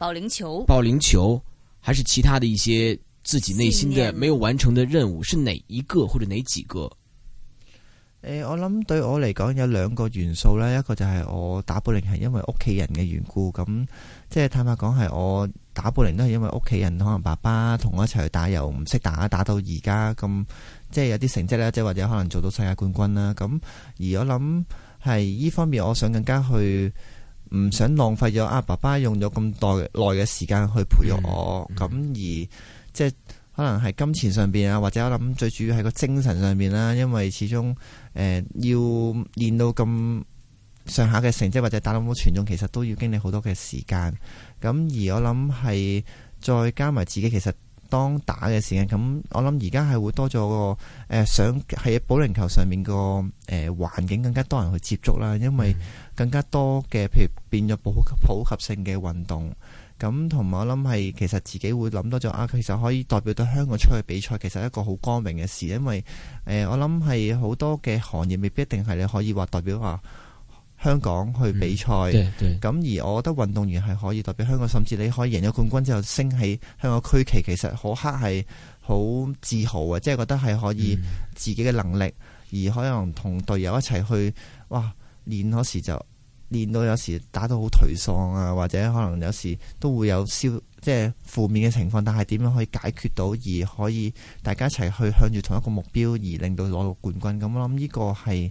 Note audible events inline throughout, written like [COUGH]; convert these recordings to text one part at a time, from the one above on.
保齡球，保齡球，還是其他的一些自己內心的沒有完成的任務，是哪一個或者哪幾個？誒、呃，我諗對我嚟講有兩個元素啦。一個就係我打保齡係因為屋企人嘅緣故，咁即係坦白講係我打保齡都係因為屋企人，可能爸爸同我一齊去打又唔識打，打到而家咁即係有啲成績咧，即係或者可能做到世界冠軍啦。咁而我諗係呢方面，我想更加去。唔想浪費咗阿爸爸用咗咁耐耐嘅時間去培育我，咁、嗯嗯、而即係可能係金錢上邊啊，或者我諗最主要係個精神上面啦，因為始終誒、呃、要練到咁上下嘅成績或者打到冇全中，其實都要經歷好多嘅時間，咁而我諗係再加埋自己其實當打嘅時間，咁我諗而家係會多咗個誒，想、呃、喺保齡球上面個誒環境更加多人去接觸啦，因為更加多嘅，譬如變咗普普及性嘅運動，咁同埋我諗係其實自己會諗多咗啊，其實可以代表到香港出去比賽，其實一個好光榮嘅事，因為誒、呃、我諗係好多嘅行業未必一定係你可以話代表話。香港去比賽，咁、嗯、而我覺得運動員係可以代表香港，甚至你可以贏咗冠軍之後，升起香港區旗，其實好黑係好自豪啊！即係覺得係可以自己嘅能力，而可能同隊友一齊去，哇！練嗰時就練到有時打到好頹喪啊，或者可能有時都會有少即係負面嘅情況，但係點樣可以解決到，而可以大家一齊去向住同一個目標，而令到攞到冠軍。咁我諗呢個係。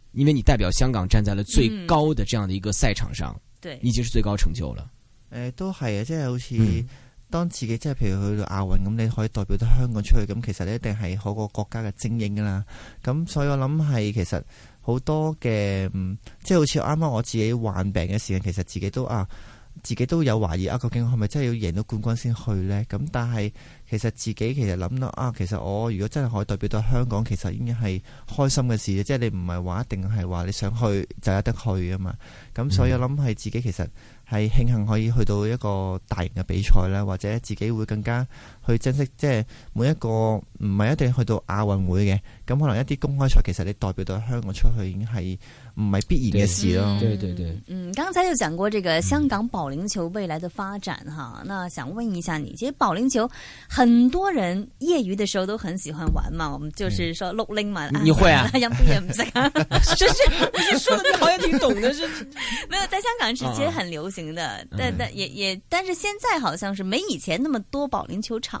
因為你代表香港站在了最高的這樣的一個賽場上，嗯、對，你已經是最高成就了。誒、呃，都係啊，即係好似當自己即係譬如去到亞運咁，嗯、你可以代表到香港出去咁，其實你一定係嗰個國家嘅精英噶啦。咁所以我諗係其實好多嘅，即係好似啱啱我自己患病嘅時間，其實自己都啊。自己都有懷疑啊，究竟係咪真係要贏到冠軍先去呢？咁但係其實自己其實諗到啊，其實我如果真係可以代表到香港，其實已經係開心嘅事。即係你唔係話一定係話你想去就有得去啊嘛。咁所以我諗係自己其實係慶幸可以去到一個大型嘅比賽啦，或者自己會更加。去珍惜即係每一個，唔係一定去到亞運會嘅，咁可能一啲公開賽，其實你代表到香港出去已經係唔係必然嘅事咯。對對對。對對嗯，剛才就講過這個香港保齡球未來的發展哈，嗯、那想問一下你，其實保齡球很多人業餘的時候都很喜歡玩嘛？我們就是說碌拎嘛，嗯啊、你會啊？樣樣唔識，真是，真是，說得好，也挺懂嘅。是，沒有在香港是其實很流行的，但、啊、但也也，但是現在好像是沒以前那麼多保齡球場。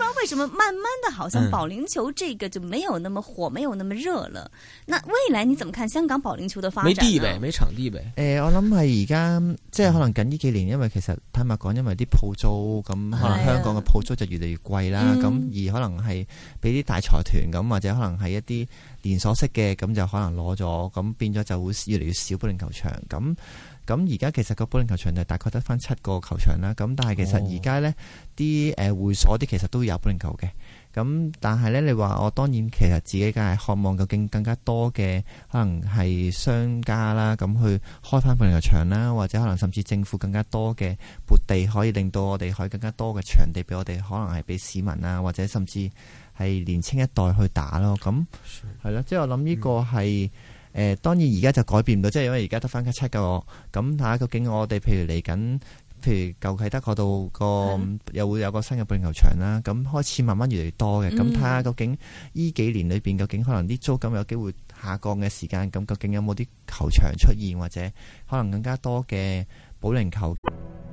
為什麼慢慢的好像保齡球這個就沒有那麼火，嗯、沒有那麼熱了？那未來你怎麼看香港保齡球的發展呢？沒地唄，沒場地唄。誒，我諗係而家即係可能近呢幾年，因為其實坦白講，因為啲鋪租咁，可能香港嘅鋪租就越嚟越貴啦。咁、啊、而可能係俾啲大財團咁，或者可能係一啲連鎖式嘅咁，就可能攞咗咁變咗就會越嚟越少保齡球場咁。咁而家其實個保齡球場就大概得返七個球場啦。咁但係其實而家呢啲誒會所啲其實都有保齡球嘅。咁但係呢，你話我當然其實自己梗係渴望究竟更加多嘅可能係商家啦，咁去開返保齡球場啦，或者可能甚至政府更加多嘅撥地，可以令到我哋可以更加多嘅場地俾我哋，可能係俾市民啊，或者甚至係年輕一代去打咯。咁係啦，即係的我諗呢個係。誒當然而家就改變唔到，即係因為而家得翻七個。咁睇下究竟我哋譬如嚟緊，譬如舊啟德嗰度個又會有個新嘅保齡球場啦。咁開始慢慢越嚟越多嘅。咁睇下究竟依幾年裏邊，究竟可能啲租金有機會下降嘅時間，咁究竟有冇啲球場出現或者可能更加多嘅保齡球？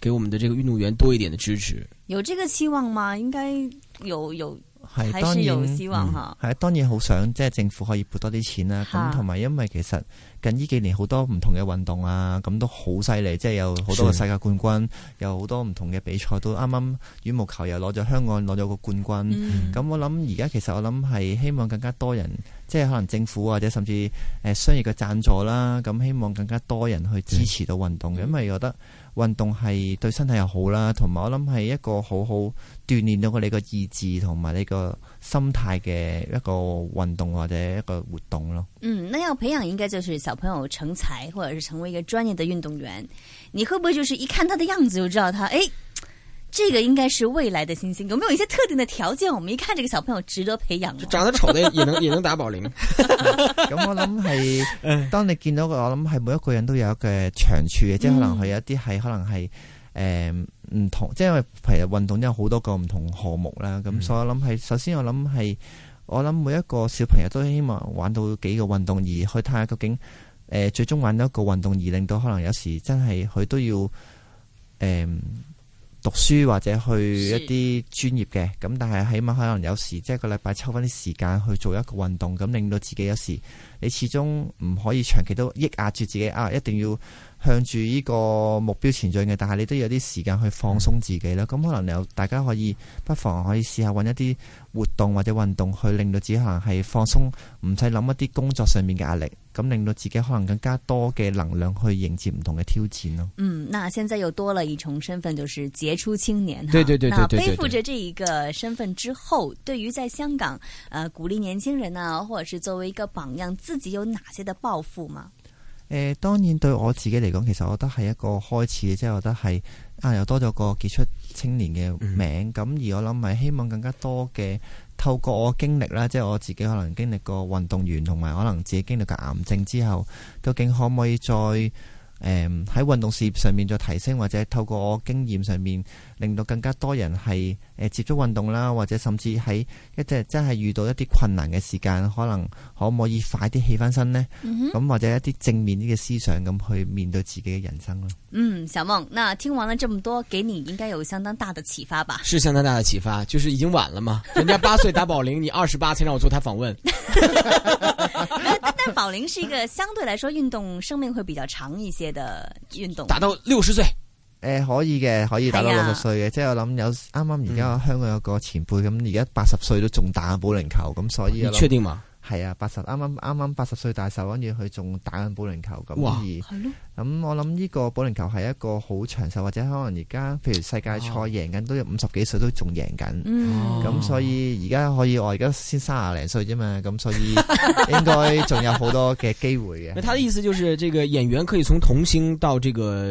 給我們的這個運動員多一點的支持，有這個期望嗎？應該有有，係當然有希望吓，係啊，當然好、嗯、想即係政府可以撥多啲錢啦，咁同埋因為其實。近呢幾年好多唔同嘅運動啊，咁都好犀利，即係有好多世界冠軍，是的 有好多唔同嘅比賽。都啱啱羽毛球又攞咗香港攞咗個冠軍。咁、嗯、我諗而家其實我諗係希望更加多人，即係可能政府或者甚至誒商業嘅贊助啦，咁希望更加多人去支持到運動嘅，嗯、因為覺得運動係對身體又好啦，同埋我諗係一個好好鍛鍊到我哋個意志同埋呢個心態嘅一個運動或者一個活動咯。嗯，呢個皮人應該就算、是。小朋友成才，或者是成為一個專業的運動員，你會不會就是一看他的樣子就知道他，哎，這個應該是未來的星星。有沒有一些特定的條件？我們一看這個小朋友值得培養。長得醜的 [LAUGHS] 也能也能打保齡。咁、 [LAUGHS] [LAUGHS] 嗯、我諗係，當你見到佢，我諗係每一個人都有一個長處嘅，即係可能佢有一啲係可能係誒唔同，即係因為其實運動都有好多個唔同項目啦。咁所以我諗係，首先我諗係。我諗每一個小朋友都希望玩到幾個運動，而去睇下究竟，誒、呃、最終玩到一個運動而令到可能有時真係佢都要，誒、呃、讀書或者去一啲專業嘅，咁是但係起碼可能有時即係、就是、個禮拜抽翻啲時間去做一個運動，咁令到自己有時你始終唔可以長期都抑壓住自己啊，一定要。向住呢個目標前進嘅，但係你都有啲時間去放鬆自己啦。咁可能大家可以不妨可以試下揾一啲活動或者運動去令到自己可能係放鬆，唔使諗一啲工作上面嘅壓力，咁令到自己可能更加多嘅能量去迎接唔同嘅挑戰咯。嗯，那現在又多了一重身份，就是傑出青年。對對對，對，對，對，對，對，對，對。那背負着這一個身份之後，對於在香港，呃，鼓勵年輕人呢、啊，或者是作為一個榜樣，自己有哪些的抱負嗎？誒當然對我自己嚟講，其實我覺得係一個開始嘅，即係我覺得係啊，又多咗個傑出青年嘅名。咁而我諗係希望更加多嘅透過我的經歷啦，即係我自己可能經歷過運動員同埋可能自己經歷過癌症之後，究竟可唔可以再？誒，喺運、嗯、動事業上面再提升，或者透過我經驗上面，令到更加多人係誒接觸運動啦，或者甚至喺一只真係遇到一啲困難嘅時間，可能可唔可以快啲起翻身呢？咁、嗯、哼或者一啲正面啲嘅思想咁去面對自己嘅人生咯。嗯，小夢，那聽完了這麼多，給你應該有相當大的啟發吧？是相當大的啟發，就是已經晚了嘛。 [LAUGHS] 人家八歲打保齡，你二十八才讓我做他訪問。 [LAUGHS] 但保齡是一個相對來說運動生命會比較長一些的運動，打到六十歲，誒、呃，可以嘅，可以打到六十歲嘅。即係、啊、我諗有啱啱而家香港有個前輩咁，而家八十歲都仲打保齡球，咁所以你確定嗎？嗯係啊，八十啱啱啱啱八十歲大壽，跟住佢仲打緊保齡球咁而，咁、嗯、我諗呢個保齡球係一個好長壽，或者可能而家譬如世界賽贏緊、哦、都有五十幾歲都仲贏緊，咁、嗯嗯嗯、所以而家可以我而家先三廿零歲啫嘛，咁所以應該仲有好多嘅機會嘅。佢嘅意思就係，這個演員可以從童星到這個。